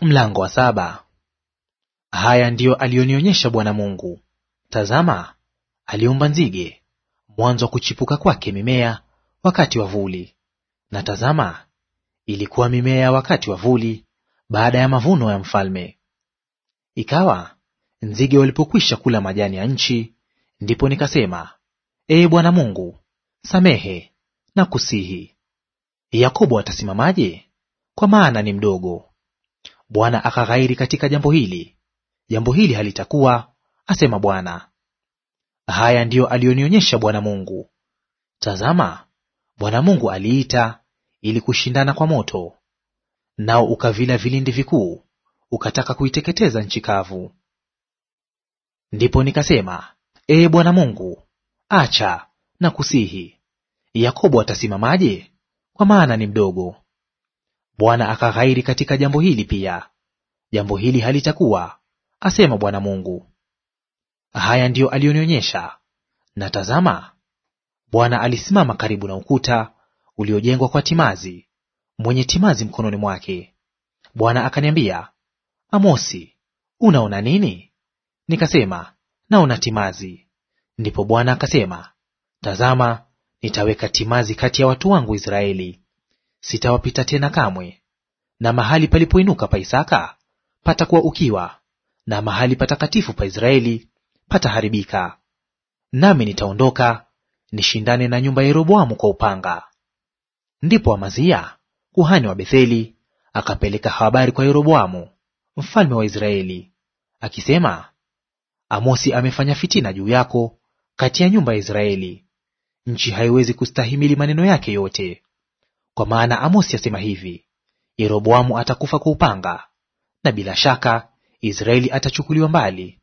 Mlango wa saba. Haya ndiyo aliyonionyesha Bwana Mungu. Tazama, aliumba nzige mwanzo wa kuchipuka kwake mimea wakati wa vuli, na tazama, ilikuwa mimea ya wakati wa vuli baada ya mavuno ya mfalme. Ikawa nzige walipokwisha kula majani ya nchi, ndipo nikasema, Ee Bwana Mungu, samehe na kusihi. Yakobo atasimamaje? Kwa maana ni mdogo. Bwana akaghairi katika jambo hili, jambo hili halitakuwa, asema Bwana. Haya ndiyo aliyonionyesha Bwana Mungu. Tazama, Bwana Mungu aliita ili kushindana kwa moto, nao ukavila vilindi vikuu, ukataka kuiteketeza nchi kavu. Ndipo nikasema, Ee Bwana Mungu, acha na kusihi. Yakobo atasimamaje? Kwa maana ni mdogo. Bwana akaghairi katika jambo hili pia; jambo hili halitakuwa, asema Bwana Mungu. Haya ndiyo aliyonionyesha. Na tazama, Bwana alisimama karibu na ukuta uliojengwa kwa timazi, mwenye timazi mkononi mwake. Bwana akaniambia, Amosi, unaona nini? Nikasema, naona timazi. Ndipo Bwana akasema, tazama, nitaweka timazi kati ya watu wangu Israeli, sitawapita tena kamwe. Na mahali palipoinuka pa Isaka patakuwa ukiwa, na mahali patakatifu pa Israeli pataharibika. Nami nitaondoka nishindane na nyumba ya Yeroboamu kwa upanga. Ndipo Amazia kuhani wa Betheli akapeleka habari kwa Yeroboamu mfalme wa Israeli akisema, Amosi amefanya fitina juu yako kati ya nyumba ya Israeli; nchi haiwezi kustahimili maneno yake yote. Kwa maana Amosi asema hivi, Yeroboamu atakufa kwa upanga, na bila shaka Israeli atachukuliwa mbali,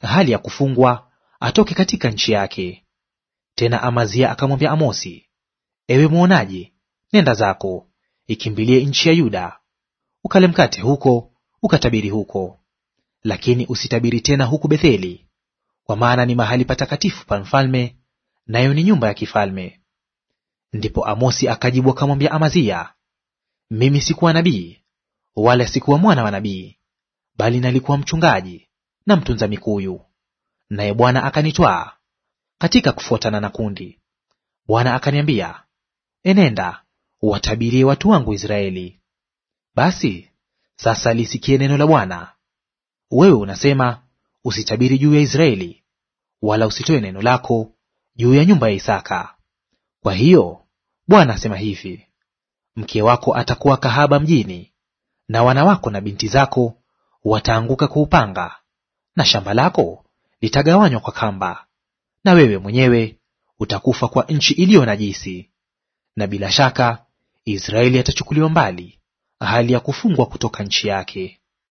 hali ya kufungwa, atoke katika nchi yake. Tena Amazia akamwambia Amosi, ewe mwonaji, nenda zako, ikimbilie nchi ya Yuda, ukale mkate huko, ukatabiri huko. Lakini usitabiri tena huku Betheli, kwa maana ni mahali patakatifu pa mfalme, nayo ni nyumba ya kifalme. Ndipo Amosi akajibu akamwambia Amazia, mimi sikuwa nabii wala sikuwa mwana wa nabii, bali nalikuwa mchungaji na mtunza mikuyu, naye Bwana akanitwaa katika kufuatana na kundi. Bwana akaniambia, enenda watabirie watu wangu Israeli. Basi sasa lisikie neno la Bwana. Wewe unasema usitabiri juu ya Israeli, wala usitoe neno lako juu ya nyumba ya Isaka. Kwa hiyo Bwana asema hivi, mke wako atakuwa kahaba mjini, na wana wako na binti zako wataanguka kwa upanga, na shamba lako litagawanywa kwa kamba, na wewe mwenyewe utakufa kwa nchi iliyo najisi. Na bila shaka Israeli atachukuliwa mbali hali ya kufungwa kutoka nchi yake.